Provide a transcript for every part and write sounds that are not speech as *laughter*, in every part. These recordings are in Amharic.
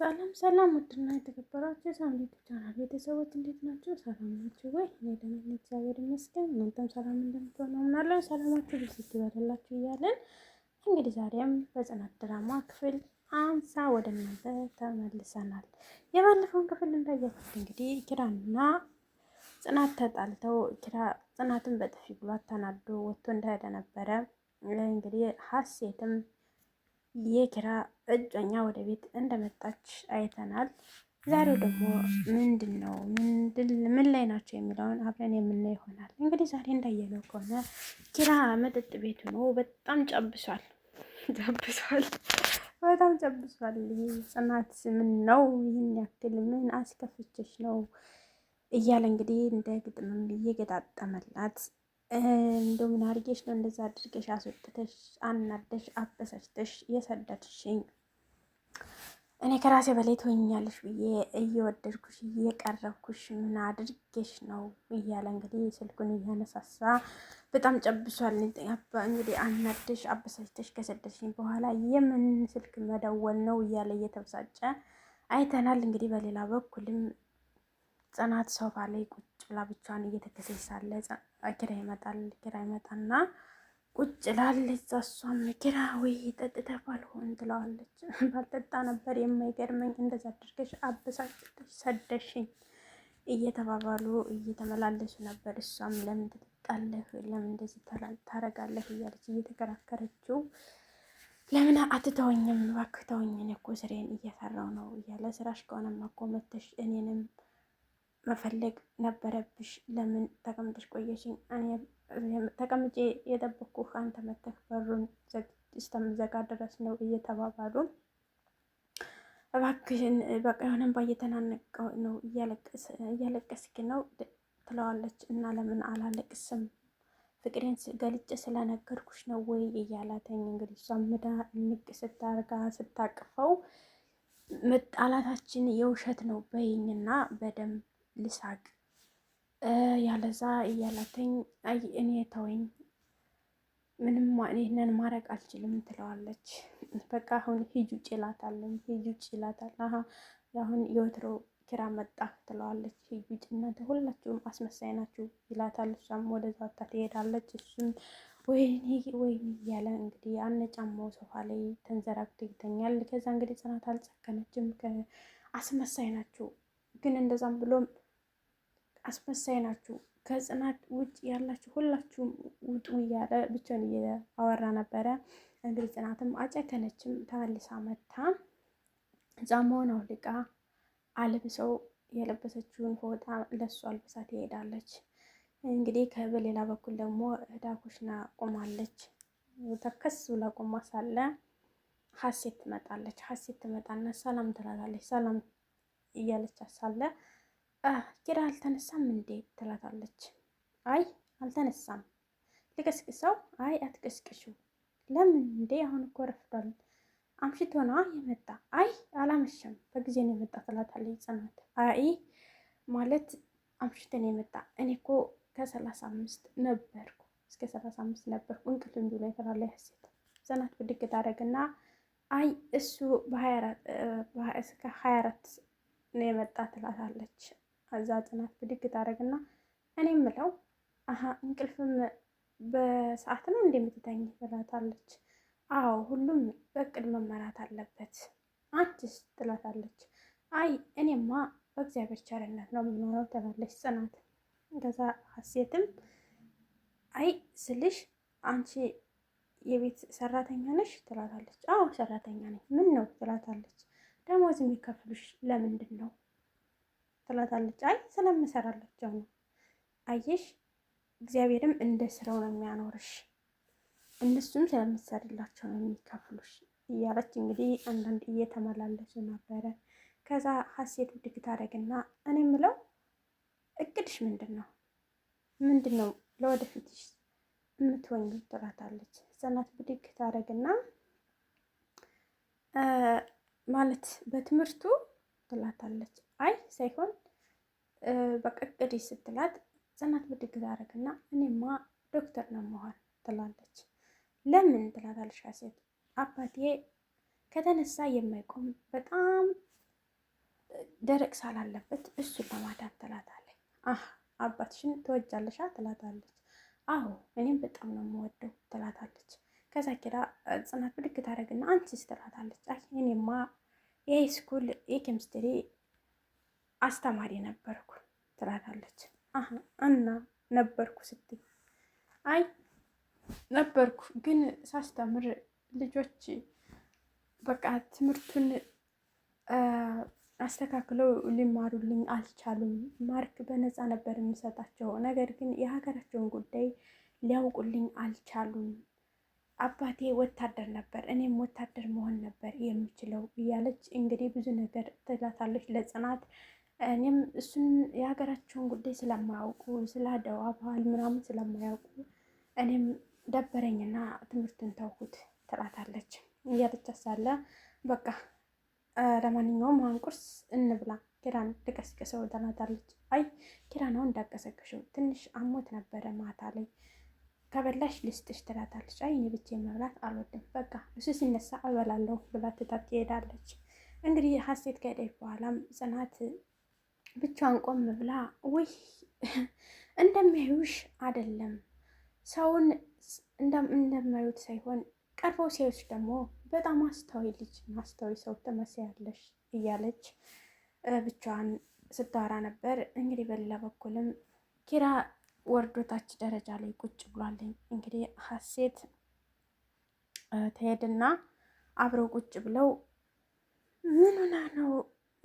ሰላም ሰላም፣ ውድና የተከበራችሁ ሳምሊቱ ቻናል ቤተሰቦች እንዴት ናቸው? ሰላም ናቸው ወይ? እኔ ደግሞ እግዚአብሔር ይመስገን፣ እናንተም ሰላም እንደምትሆነ ምናለን። ሰላማችሁ ብዙ ይበላላችሁ እያለን እንግዲህ ዛሬም በጽናት ድራማ ክፍል አምሳ ወደ እናንተ ተመልሰናል። የባለፈውን ክፍል እንዳያችሁት እንግዲህ ኪራና ጽናት ተጣልተው ኪራ ጽናትን በጥፊ ብሏት ተናዶ ወጥቶ እንደሄደ ነበረ እንግዲህ ሀሴትም የኪራ እጮኛ ወደ ቤት እንደመጣች አይተናል። ዛሬው ደግሞ ምንድን ነው ምን ላይ ናቸው የሚለውን አብረን የምናየው ይሆናል። እንግዲህ ዛሬ እንዳየነው ከሆነ ኪራ መጠጥ ቤት ሆኖ በጣም ጨብሷል *laughs* ጨብሷል በጣም ጨብሷል። ጽናት ምን ነው ይህን ያክል ምን አስከፍቼሽ ነው እያለ እንግዲህ እንደ ግጥምም እየገጣጠመላት እንደ ምን አድርጌሽ ነው እንደዛ አድርገሽ አስወጥተሽ አናደሽ አበሳጭተሽ የሰደድሽኝ? እኔ ከራሴ በላይ ትሆኛለሽ ብዬ እየወደድኩሽ እየቀረብኩሽ ምን አድርጌሽ ነው እያለ እንግዲህ ስልኩን እያነሳሳ በጣም ጨብሷል። እንግዲህ አናደሽ አበሳጭተሽ ከሰደድሽኝ በኋላ የምን ስልክ መደወል ነው እያለ እየተበሳጨ አይተናል። እንግዲህ በሌላ በኩልም ጽናት ሶፋ ላይ ቁጭ ብላ ብቻዋን እየተከሰች ሳለ ኪራ ይመጣል። ኪራ ይመጣና ቁጭ ላለች እሷም ኪራ ወይ ጠጥተህ ባልሆን ትለዋለች። *laughs* ባልጠጣ ነበር የማይገርመኝ እንደዛ አድርገሽ አበሳጭተሽ ሰደሽኝ እየተባባሉ እየተመላለሱ ነበር። እሷም ለምን ትጠጣለህ፣ ለምን እንደዚህ ታረጋለህ እያለች እየተከራከረችው ለምን አትተወኝም? እባክህ ተወኝ፣ እኔ እኮ ስሬን እየሰራው ነው እያለ ስራሽ ከሆነማ እኮ መተሽ እኔንም መፈለግ ነበረብሽ። ለምን ተቀምጠሽ ቆየሽኝ? ተቀምጬ የጠበቅኩህ አንተ መተህ በሩን እስከምዘጋ ድረስ ነው እየተባባሉ እባክሽን በቃ የሆነ እየተናነቀ ነው እያለቀስክ ነው ትለዋለች። እና ለምን አላለቅስም ፍቅሬን ገልጭ ስለነገርኩሽ ነው ወይ እያላተኝ እንግዲህ እሷ ምዳ ንቅ ስታርጋ ስታቅፈው መጣላታችን የውሸት ነው በይኝና በደንብ ልሳቅ ያለዛ እያላተኝ አይ እኔ ተወኝ ምንም ይህንን ማድረግ አልችልም ትለዋለች። በቃ አሁን ሂጅ ውጭ ይላታለኝ። ሂጅ ውጭ ይላታል። አሀ አሁን የወትሮ ኪራ መጣ ትለዋለች። ሂጅ ውጭ እናንተ ሁላችሁም አስመሳይ ናችሁ ይላታል። እሷም ወደዛ ወጥታ ትሄዳለች። እሱም ወይኔ ወይኔ እያለ እንግዲህ አነጫማው ሶፋ ላይ ተንዘራግቶ ይተኛል። ከዛ እንግዲህ ጽናት አልጸከነችም። አስመሳይ ናችሁ ግን እንደዛም ብሎም አስመሳይ ናችሁ፣ ከጽናት ውጭ ያላችሁ ሁላችሁም ውጡ እያለ ብቻውን እያወራ ነበረ። እንግዲህ ጽናትም አጨከነችም። ተመልሳ መታ ጫማውን አውልቃ አልብሰው የለበሰችውን ፎጣ ለሱ አልብሳት ይሄዳለች። እንግዲህ በሌላ በኩል ደግሞ ዳኩሽና ቆማለች። ተከስ ብላ ቆማ ሳለ ሀሴት ትመጣለች። ሀሴት ትመጣና ሰላም ትላታለች። ሰላም እያለች ሳለ ኪራ አልተነሳም እንዴ ትላታለች። አይ አልተነሳም። ልቀስቅሰው? አይ አትቀስቅሽው። ለምን እንዴ አሁን እኮ ረፍዷል። አምሽቶ ነዋ የመጣ። አይ አላመሸም፣ በጊዜ ነው የመጣ ትላታለች ጽናት። አይ ማለት አምሽቶ ነው የመጣ። እኔ እኮ ከሰላሳ አምስት ነበርኩ እስከ ሰላሳ አምስት ነበርኩ እንቅልፍ እንዲ ላይ ትላለች ሀሴት። ጽናት ብድግ ታደርግና አይ እሱ በሀያ አራት ነው የመጣ ትላታለች። ከዛ ጽናት ብድግ ታደርግና እኔ ምለው አሀ እንቅልፍም በሰዓት ነው እንደምትተኝ ትላታለች። አዎ ሁሉም በቅድ መመራት አለበት አንቺስ ትላታለች። አይ እኔማ በእግዚአብሔር ቸርነት ነው የምኖረው ትላለች ጽናት። ከዛ ሀሴትም አይ ስልሽ አንቺ የቤት ሰራተኛ ነሽ ትላታለች። አዎ ሰራተኛ ነኝ። ምን ነው ትላታለች። ደሞዝ የሚከፍሉሽ ለምንድን ነው ትላታለች። አይ ስለምሰራላቸው ነው። አየሽ እግዚአብሔርም እንደ ስራው ነው የሚያኖርሽ፣ እነሱም ስለምሰሪላቸው ነው የሚከፍሉሽ እያለች እንግዲህ አንዳንድ እየተመላለሱ ነበረ። ከዛ ሀሴት ብድግ ታደርግና እኔ የምለው እቅድሽ ምንድን ነው? ምንድን ነው ለወደፊትሽ የምትወኝ ትላታለች። ጽናት ብድግ ታደርግና ማለት በትምህርቱ ትላታለች። አይ ሳይሆን በቃ እቅዴ ስትላት ጽናት ብድግ ታደርግና እኔማ ዶክተር ነው መሆን ትላለች። ለምን ትላታለች ሀሴት። አባቴ ከተነሳ የማይቆም በጣም ደረቅ ሳላለበት እሱን ለማዳን ትላታለች። አህ አባትሽን ትወጃለሻ? ትላታለች። አዎ እኔም በጣም ነው የምወደው ትላታለች። ከዛ ኪራ ጽናት ብድግ ታደርግና አንቺስ? ትላታለች። አይ እኔማ የሃይስኩል የኬሚስትሪ አስተማሪ ነበርኩ ትላታለች። እና ነበርኩ ስትል፣ አይ ነበርኩ ግን ሳስተምር ልጆች በቃ ትምህርቱን አስተካክለው ሊማሩልኝ አልቻሉም። ማርክ በነፃ ነበር የሚሰጣቸው፣ ነገር ግን የሀገራቸውን ጉዳይ ሊያውቁልኝ አልቻሉም አባቴ ወታደር ነበር፣ እኔም ወታደር መሆን ነበር የምችለው እያለች እንግዲህ ብዙ ነገር ትላታለች ለጽናት። እኔም እሱን የሀገራቸውን ጉዳይ ስለማያውቁ ስለ አደዋ ባህል ምናምን ስለማያውቁ እኔም ደበረኝና ትምህርቱን ተውኩት ትላታለች። እያለች ሳለ በቃ ለማንኛውም አሁን ቁርስ እንብላ ኪራን ልቀስቅሰው ትላታለች። አይ ኪራን እንዳቀሰቀሸው ትንሽ አሞት ነበረ ማታ ላይ ከበላሽ ልስጥሽ ትላታለች። አይ እኔ ብቻዬን መብላት አልወድም፣ በቃ እሱ ሲነሳ እበላለሁ ብላ ትታት ትሄዳለች። እንግዲህ ሀሴት ከሄደች በኋላም ጽናት ብቻዋን ቆም ብላ ውይ እንደሚያዩሽ አይደለም ሰውን እንደማዩት ሳይሆን ቀርበው ሲያዩሽ ደግሞ በጣም አስተዋይ ልጅ አስተዋይ ሰው ትመስያለሽ እያለች ብቻዋን ስታወራ ነበር። እንግዲህ በሌላ በኩልም ኪራ ወርዶ ታች ደረጃ ላይ ቁጭ ብሏለኝ። እንግዲህ ሀሴት ትሄድና አብረው ቁጭ ብለው ምን ሆና ነው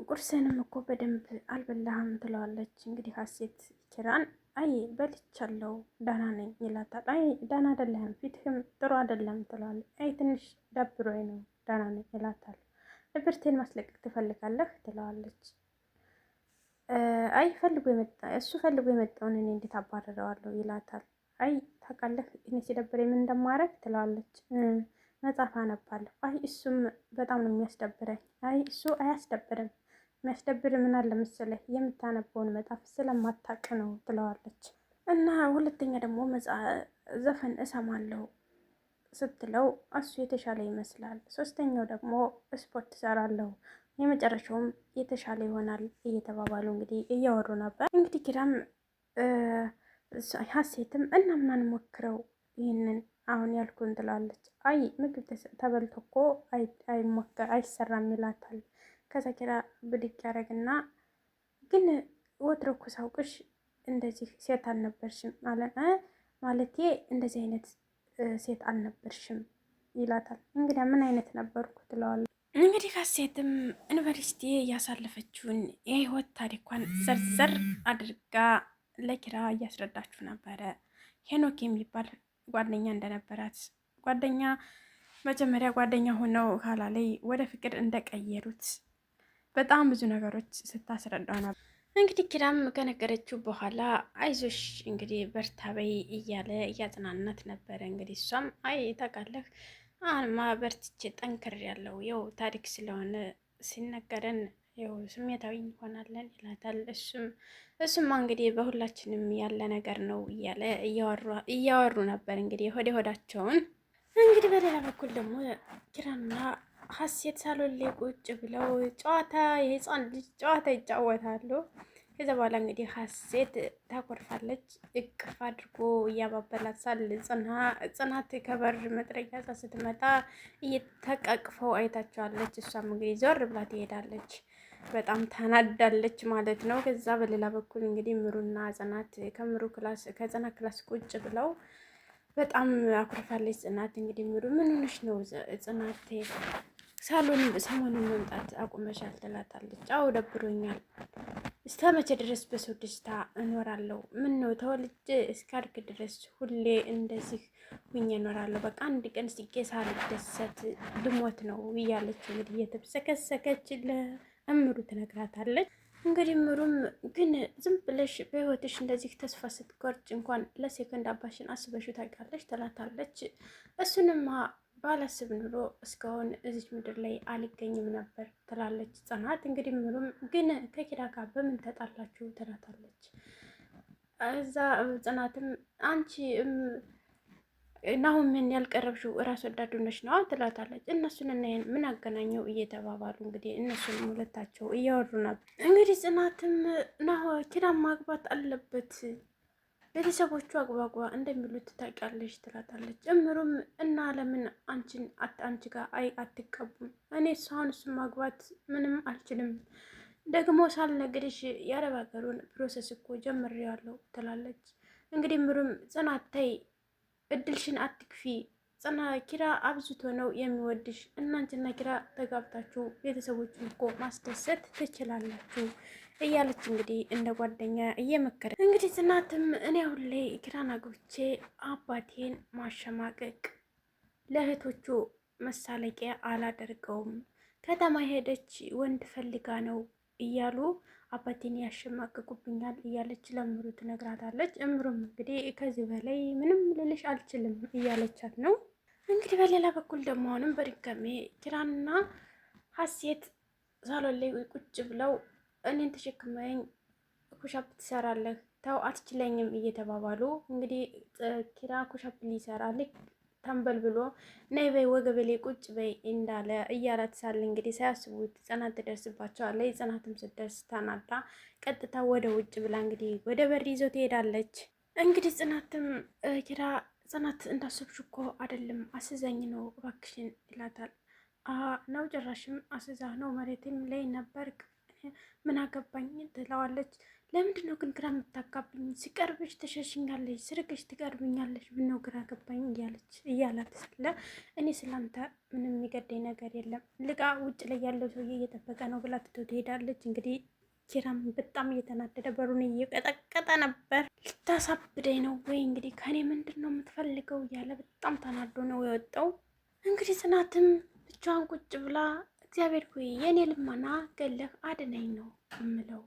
ቁርስንም እኮ በደንብ አልበላህም ትለዋለች። እንግዲህ ሀሴት ኪራን አይ በልቻለሁ ደህና ነኝ ይላታል። አይ ደህና አይደለህም፣ ፊትህም ጥሩ አይደለም ትለዋለች። አይ ትንሽ ደብሮኝ ነው ደህና ነኝ ይላታል። ድብርቴን ማስለቀቅ ትፈልጋለህ ትለዋለች። አይ ፈልጎ የመጣ እሱ ፈልጎ የመጣውን እኔ እንዴት አባረረዋለሁ ይላታል። አይ ታውቃለህ እኔ ሲደብረኝ ምን እንደማረግ ትለዋለች። መጽሐፍ አነባለሁ። አይ እሱም በጣም ነው የሚያስደብረኝ። አይ እሱ አያስደብርም። የሚያስደብር ምን አለ መሰለህ የምታነበውን መጽሐፍ ስለማታውቅ ነው ትለዋለች። እና ሁለተኛ ደግሞ ዘፈን እሰማለሁ ስትለው እሱ የተሻለ ይመስላል። ሶስተኛው ደግሞ ስፖርት እሰራለሁ የመጨረሻውም የተሻለ ይሆናል እየተባባሉ እንግዲህ እያወሩ ነበር። እንግዲህ ኪራም ሀሴትም እና ምናን ሞክረው ይህንን አሁን ያልኩን ትላለች። አይ ምግብ ተበልቶ እኮ አይሞከር አይሰራም ይላታል። ከዛ ኪራ ብድግ ያደረግና ግን ወትሮ እኮ ሳውቅሽ እንደዚህ ሴት አልነበርሽም አለ። ማለቴ እንደዚህ አይነት ሴት አልነበርሽም ይላታል። እንግዲያ ምን አይነት ነበርኩ ትለዋለች። እንግዲህ ካሴትም ዩኒቨርሲቲ እያሳለፈችውን የህይወት ታሪኳን ዘርዘር አድርጋ ለኪራ እያስረዳችሁ ነበረ። ሄኖክ የሚባል ጓደኛ እንደነበራት ጓደኛ መጀመሪያ ጓደኛ ሆነው ኋላ ላይ ወደ ፍቅር እንደቀየሩት በጣም ብዙ ነገሮች ስታስረዳ ነበር። እንግዲህ ኪራም ከነገረችው በኋላ አይዞሽ እንግዲህ በርታበይ እያለ እያጽናናት ነበረ። እንግዲህ እሷም አይ ታውቃለህ አልማ በርትቼ ጠንክር ያለው ያው ታሪክ ስለሆነ ሲነገረን ያው ስሜታዊ እንሆናለን ይላታል። እሱም እሱማ እንግዲህ በሁላችንም ያለ ነገር ነው እያለ እያወሩ ነበር እንግዲህ ሆዴ ሆዳቸውን። እንግዲህ በሌላ በኩል ደግሞ ኪራና ሀሴት ሳሎን ላይ ቁጭ ብለው ጨዋታ የህፃን ልጅ ጨዋታ ይጫወታሉ። ከዛ በኋላ እንግዲህ ሀሴት ታኮርፋለች። እቅፍ አድርጎ እያባበላሳል። ጽናት ከበር መጥረጊያ ጻ ስትመጣ እየተቃቅፈው አይታቸዋለች። እሷም እንግዲህ ዞር ብላ ትሄዳለች። በጣም ታናዳለች ማለት ነው። ከዛ በሌላ በኩል እንግዲህ ምሩና ጽናት ከምሩ ክላስ ከጽናት ክላስ ቁጭ ብለው በጣም አኩርፋለች ጽናት። እንግዲህ ምሩ ምን ሆነሽ ነው ጽናት ሳሎን ሰሞኑን መምጣት አቁመሻል ትላታለች። አዎ ደብሮኛል። እስከ መቼ ድረስ በሰው ደስታ እኖራለሁ? ምን ነው ተወልጄ እስካድግ ድረስ ሁሌ እንደዚህ ሁኜ እኖራለሁ? በቃ አንድ ቀን ስቄ ሳልደሰት ልሞት ነው እያለች እንግዲህ እየተብሰከሰከች ለእምሩ ትነግራታለች። እንግዲህ ምሩም ግን ዝም ብለሽ በህይወትሽ እንደዚህ ተስፋ ስትቆርጭ እንኳን ለሴኮንድ አባሽን አስበሽው ታውቂያለሽ? ትላታለች። እሱንማ ባላስብ ኑሮ እስካሁን እዚች ምድር ላይ አልገኝም ነበር ትላለች ጽናት። እንግዲህ ምሩም ግን ከኪራ ጋር በምን ተጣላችሁ ትላታለች። እዛ ጽናትም አንቺ ናሁን ምን ያልቀረብሽው እራስ ወዳዱ ነች ነዋ ትላታለች። እነሱን እናይን ምን አገናኘው እየተባባሉ እንግዲህ እነሱን ሁለታቸው እያወሩ ነበር። እንግዲህ ጽናትም ናሁ ኪራን ማግባት አለበት ቤተሰቦቹ አግባጓ እንደሚሉት ታውቂያለሽ ትላታለች። ጭምሩም እና ለምን አንቺን አንቺ ጋር አይ አትቀቡም? እኔ እሷን እሱ ማግባት ምንም አልችልም። ደግሞ ሳልነግርሽ የአረብ ሀገሩን ፕሮሰስ እኮ ጀምሬያለሁ ትላለች። እንግዲህ ምሩም ጽናት ተይ፣ እድልሽን አትክፊ ጽና ኪራ አብዝቶ ነው የሚወድሽ። እናንችና ኪራ ተጋብታችሁ ቤተሰቦችን እኮ ማስደሰት ትችላላችሁ። እያለች እንግዲህ እንደ ጓደኛ እየመከረ እንግዲህ ጽናትም እኔ አሁን ላይ ኪራን አግብቼ አባቴን ማሸማቀቅ ለእህቶቹ መሳለቂያ አላደርገውም፣ ከተማ ሄደች ወንድ ፈልጋ ነው እያሉ አባቴን ያሸማቅቁብኛል እያለች ለምሩ ትነግራታለች። እምሩም እንግዲህ ከዚህ በላይ ምንም ልልሽ አልችልም እያለቻት ነው። እንግዲህ በሌላ በኩል ደግሞ አሁንም በድጋሜ ኪራንና ሀሴት ሳሎን ላይ ቁጭ ብለው እኔን ተሸክመኝ ኩሻፕ ትሰራለህ ተው አትችለኝም እየተባባሉ እንግዲህ ኪራ ኩሻፕ ሊሰራ ልክ ተንበል ብሎ ነይ በይ ወገበሌ ቁጭ በይ እንዳለ እያላት ሳለ እንግዲህ ሳያስቡት ጽናት ትደርስባቸዋለች። ጽናትም ስትደርስ ተናዳ ቀጥታ ወደ ውጭ ብላ እንግዲህ ወደ በር ይዘው ትሄዳለች። እንግዲህ ጽናትም ኪራ ጽናት እንዳሰብሽ እኮ አይደለም አስዛኝ ነው እባክሽን ይላታል። አሀ ነው ጭራሽም አስዛህ ነው መሬትም ላይ ነበርክ ምን አገባኝ ትለዋለች። ለምንድን ነው ግን ግራ የምታጋብኝ? ሲቀርብሽ ትሸሽኛለሽ፣ ስርቅሽ ትቀርብኛለሽ። ምነው ግራ ገባኝ እያለች እያላት ስለ እኔ ስላንተ ምንም የሚገደኝ ነገር የለም ልቃ ውጭ ላይ ያለው ሰውዬ እየጠበቀ ነው ብላ ትቶ ትሄዳለች። እንግዲህ ኪራም በጣም እየተናደደ በሩን እየቀጠቀጠ ነበር። ልታሳብደኝ ነው ወይ እንግዲህ ከኔ ምንድን ነው የምትፈልገው እያለ በጣም ተናዶ ነው የወጣው። እንግዲህ ጽናትም ብቻዋን ቁጭ ብላ እግዚአብሔር ሆይ የኔ ልመና ገለህ አድነኝ ነው የምለው።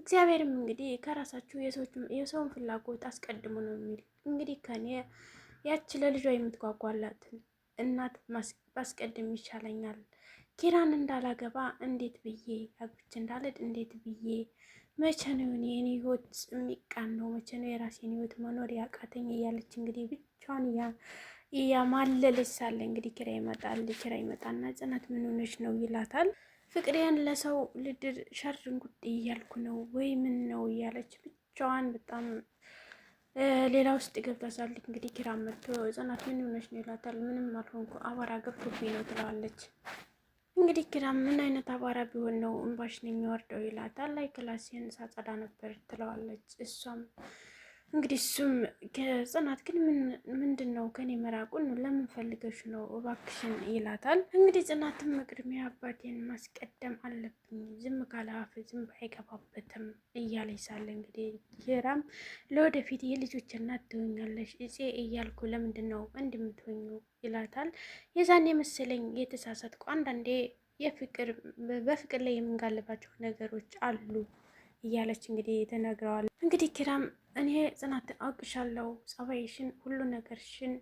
እግዚአብሔርም እንግዲህ ከራሳችሁ የሰውን ፍላጎት አስቀድሙ ነው የሚል እንግዲህ ከኔ ያች ለልጇ የምትጓጓላትን እናት ማስቀድም ይሻለኛል። ኪራን እንዳላገባ እንዴት ብዬ አግብቼ እንዳልድ እንዴት ብዬ መቼ ነው የኔ ህይወት የሚቃን ነው? መቼ ነው የራሴን ህይወት መኖር ያቃተኝ? እያለች እንግዲህ ብቻዋን እያማለለች ሳለ እንግዲህ ኪራይ ይመጣል። ኪራይ ይመጣና ጽናት ምን ሆነች ነው ይላታል። ፍቅሬን ለሰው ልድር ሸርን ጉድ እያልኩ ነው ወይ ምን ነው እያለች ብቻዋን በጣም ሌላ ውስጥ ገብታሳለች። እንግዲህ ኪራ መጥቶ ጽናት ምን ሆነች ነው ይላታል። ምንም አልሆንኩ አቧራ ገብቶብኝ ነው ትለዋለች። እንግዲህ ኪራ ምን አይነት አቧራ ቢሆን ነው እንባሽን የሚወርደው ይላታል። ላይ ክላሴን ሳጸዳ ነበር ትለዋለች እሷም እንግዲህ እሱም ከጽናት ግን ምንድን ነው ከኔ መራቁን ለምን ፈልገሽ ነው እባክሽን ይላታል። እንግዲህ ጽናትም መቅድሚያ አባቴን ማስቀደም አለብኝ፣ ዝም ካለ አፍ ዝንብ አይገባበትም እያለ ይሳለ እንግዲህ ኪራም ለወደፊት የልጆች እናት ትሆኛለሽ እፄ እያልኩ ለምንድን ነው እንድምትሆኙ ይላታል። የዛኔ መሰለኝ የተሳሳትኩ አንዳንዴ የፍቅር በፍቅር ላይ የምንጋልባቸው ነገሮች አሉ እያለች እንግዲህ ተናግረዋል። እንግዲህ ኪራም እኔ ጽናትን አውቅሻለሁ፣ ጸባይሽን፣ ሁሉ ነገርሽን፣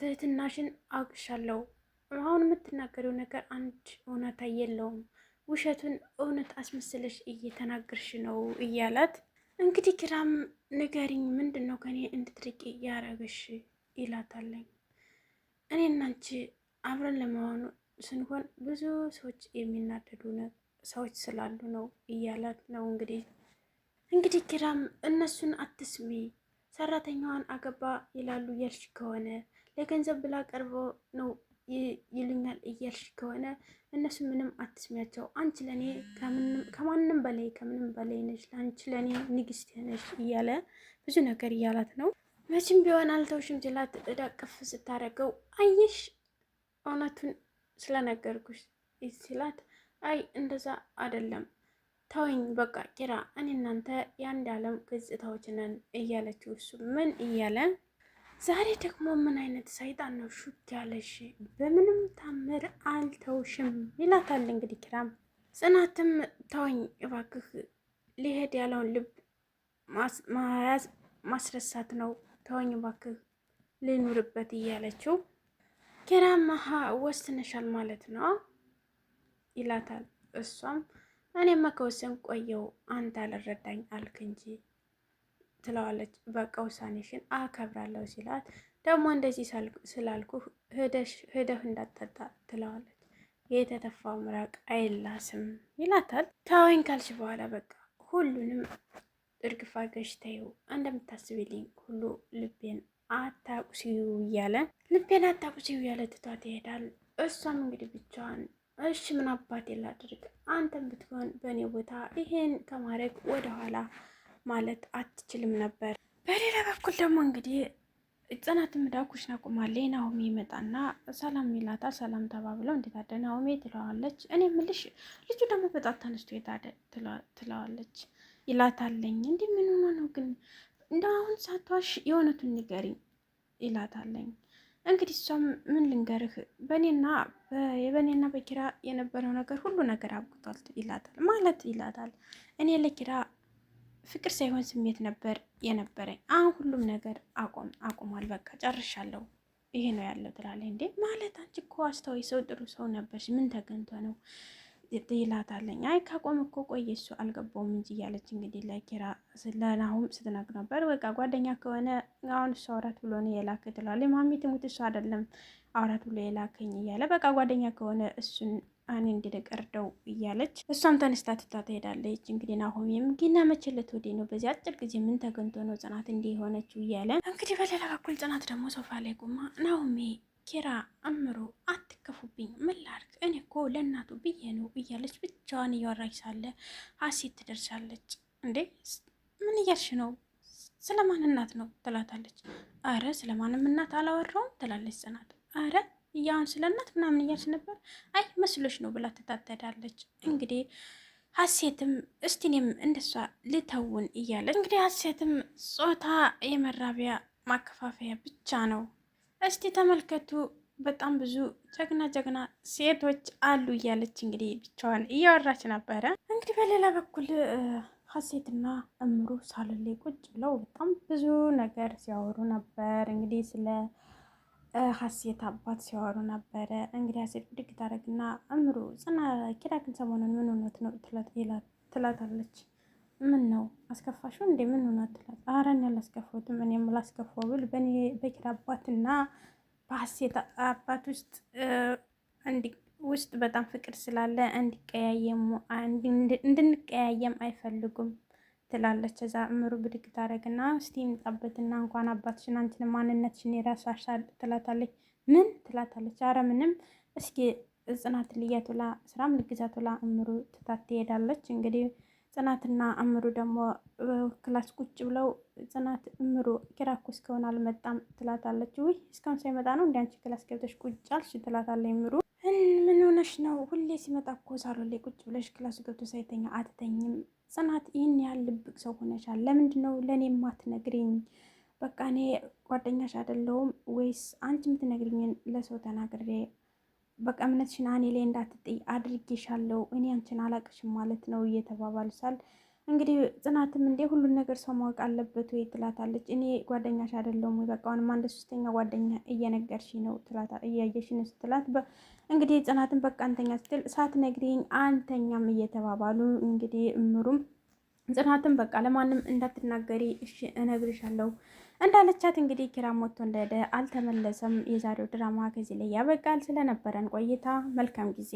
ትህትናሽን አውቅሻለሁ። አሁን የምትናገሪው ነገር አንድ እውነታ የለውም፣ ውሸቱን እውነት አስመስለሽ እየተናገርሽ ነው እያላት እንግዲህ ኪራም ንገሪኝ፣ ምንድን ነው ከኔ እንድትርቂ ያረግሽ ይላታለኝ። እኔ እናንቺ አብረን ለመሆኑ ስንሆን ብዙ ሰዎች የሚናደዱ ሰዎች ስላሉ ነው እያላት ነው እንግዲህ እንግዲህ ኪራም እነሱን አትስሚ፣ ሰራተኛዋን አገባ ይላሉ እያልሽ ከሆነ ለገንዘብ ብላ ቀርቦ ነው ይሉኛል እያልሽ ከሆነ እነሱ ምንም አትስሚያቸው። አንቺ ለእኔ ከማንም በላይ ከምንም በላይ ነች፣ ለአንቺ ለእኔ ንግስት ነች እያለ ብዙ ነገር እያላት ነው። መቼም ቢሆን አልተውሽም ትላት እዳቅፍ ስታደርገው አየሽ እውነቱን ስለነገርኩሽ ሲላት አይ እንደዛ አይደለም ተወኝ በቃ ኪራ፣ እኔ እናንተ የአንድ ዓለም ገጽታዎች ነን እያለችው እሱ ምን እያለ ዛሬ ደግሞ ምን አይነት ሰይጣን ነው ሹክ ያለሽ፣ በምንም ታምር አልተውሽም ይላታል። እንግዲህ ኪራም ጽናትም ተወኝ እባክህ፣ ሊሄድ ያለውን ልብ ማያዝ ማስረሳት ነው፣ ተወኝ እባክህ ልኑርበት እያለችው ኪራም መሀ ወስነሻል ማለት ነው ይላታል። እሷም እኔማ ከወሰን ቆየው አንተ አልረዳኝ አልክ እንጂ ትለዋለች። በቃ ውሳኔሽን አከብራለሁ ሲላት ደግሞ እንደዚህ ስላልኩ ሄደህ እንዳጠጣ ትለዋለች። የተተፋ ምራቅ አይላስም ይላታል። ታወኝ ካልሽ በኋላ በቃ ሁሉንም እርግፋ ገሽተዩ እንደምታስብልኝ ሁሉ ልቤን አታቁሲዩ እያለ ልቤን አታቁሲዩ እያለ ትቷት ይሄዳል። እሷም እንግዲህ ብቻዋን እሺ ምን አባቴ ላድርግ? አንተም ብትሆን በእኔ ቦታ ይሄን ከማድረግ ወደኋላ ማለት አትችልም ነበር። በሌላ በኩል ደግሞ እንግዲህ ጽናት ምዳ ናቁማለ ቁማለች። ናሆሜ ይመጣና ሰላም ይላታል። ሰላም ተባብለው እንዴት አደ ናሆሜ ትለዋለች። እኔ ምልሽ ልጁ ደግሞ በጣት ተነስቶ የታደ ትለዋለች ይላታለኝ። እንዲህ ምን ሆኖ ነው ግን እንደ አሁን ሳቷሽ የእውነቱን ንገሪኝ ይላታለኝ። እንግዲህ እሷም ምን ልንገርህ በእኔና በእኔና በኪራ የነበረው ነገር ሁሉ ነገር አብቅቷል ይላታል። ማለት ይላታል እኔ ለኪራ ፍቅር ሳይሆን ስሜት ነበር የነበረኝ። አሁን ሁሉም ነገር አቆም አቁሟል፣ በቃ ጨርሻለሁ፣ ይሄ ነው ያለው ትላለች። እንዴ ማለት አንቺ እኮ አስተዋይ ሰው፣ ጥሩ ሰው ነበርሽ፣ ምን ተገኝቶ ነው ትይላታለኝ። አይ ካቆም እኮ ቆየ እሱ አልገባውም እንጂ እያለች እንግዲህ ለኪራ ስለናሁም ስትነግር ነበር። በቃ ጓደኛ ከሆነ አሁን እሱ አውራት ብሎ ነው የላክ ትለዋለች። ማሚ ትሙት እሱ አይደለም አውራት ብሎ የላከኝ እያለ በቃ ጓደኛ ከሆነ እሱን እኔ እንድንቀርደው እያለች እሷም ተነስታ ትታ ትሄዳለች። እንግዲህ ናሆሜም ግና መቸለት ወዴ ነው በዚህ አጭር ጊዜ ምን ተገንቶ ነው ጽናት እንዲህ የሆነችው እያለ እንግዲህ በሌላ በኩል ጽናት ደግሞ ሶፋ ላይ ቁማ ናሆሜ ኪራ እምሩ አትከፉብኝ፣ ምን ላድርግ እኔ እኮ ለእናቱ ብዬ ነው እያለች ብቻዋን እያወራች ሳለ ሀሴት ትደርሳለች። እንዴ ምን እያልሽ ነው? ስለማን እናት ነው ትላታለች። አረ ስለማንም እናት አላወራውም ትላለች ጽናት። አረ እያሁን ስለ እናት ምናምን እያልሽ ነበር፣ አይ መስሎች ነው ብላ ትታተዳለች። እንግዲህ ሀሴትም እስቲ እኔም እንደሷ ልተውን እያለች እንግዲህ ሀሴትም ጾታ የመራቢያ ማከፋፈያ ብቻ ነው እስቲ ተመልከቱ በጣም ብዙ ጀግና ጀግና ሴቶች አሉ እያለች እንግዲህ ብቻዋን እያወራች ነበረ። እንግዲህ በሌላ በኩል ሀሴትና እምሩ ሳሎን ላይ ቁጭ ብለው በጣም ብዙ ነገር ሲያወሩ ነበር። እንግዲህ ስለ ሀሴት አባት ሲያወሩ ነበረ። እንግዲህ ሀሴት ብድግ ታደርግና እምሩ ጽና ኪዳክን ሰሞኑን ምን እውነት ነው ትላታለች። ምን ነው አስከፋሽው እንዴ? ምን ሆነ ትላል። ኧረ እኔ አላስከፋሁትም። እኔም የምላስከፋው ብል በኪራ አባትና በሀሴት አባት ውስጥ ውስጥ በጣም ፍቅር ስላለ እንዲቀያየሙ እንድንቀያየም አይፈልጉም ትላለች። እዛ እምሩ ብድግ ታደርግና እስቲ እንጣበትና እንኳን አባትሽን አንቺን ማንነትሽን የራሳሻል ትላታለች። ምን ትላታለች። ኧረ ምንም እስኪ ጽናት ልያቶላ ስራም ልግዛቶላ እምሩ ትታት ትሄዳለች እንግዲህ ጽናትና እምሩ ደግሞ ክላስ ቁጭ ብለው ጽናት እምሩ ኪራ እኮ እስካሁን አልመጣም ትላታለች። ውይ እስካሁን ሳይመጣ ነው እንዲያንቺ ክላስ ገብተሽ ቁጭ አልሽ ትላታለች እምሩ። ምን ሆነሽ ነው? ሁሌ ሲመጣ እኮ ሳሎን ላይ ቁጭ ብለሽ ክላስ ገብቶ ሳይተኛ አትተኝም። ጽናት ይህን ያህል ልብቅ ሰው ሆነሻል። ለምንድን ነው ለእኔ ማትነግሪኝ? በቃ እኔ ጓደኛሽ አይደለሁም ወይስ አንቺ የምትነግሪኝን ለሰው ተናግሬ በቃ እምነትሽን እኔ ላይ እንዳትጥይ አድርጌሻለሁ፣ እኔ አንቺን አላቅሽም ማለት ነው እየተባባሉሳል። እንግዲህ ጽናትም እንዴ ሁሉን ነገር ሰው ማወቅ አለበት ወይ ትላታለች። እኔ ጓደኛሽ አይደለሁም ወይ በቃ አሁንም አንድ ሶስተኛ ጓደኛ እየነገርሽ ነው እያየሽ ነው ስትላት፣ እንግዲህ ጽናትም በቃ አንተኛ ስትል ሳትነግሪኝ አንተኛም እየተባባሉ እንግዲህ እምሩም ጽናትም በቃ ለማንም እንዳትናገሪ እሺ እነግርሻለሁ እንዳለቻት እንግዲህ ኪራም ወጥቶ እንደሄደ አልተመለሰም። የዛሬው ድራማ ከዚህ ላይ ያበቃል። ስለነበረን ቆይታ መልካም ጊዜ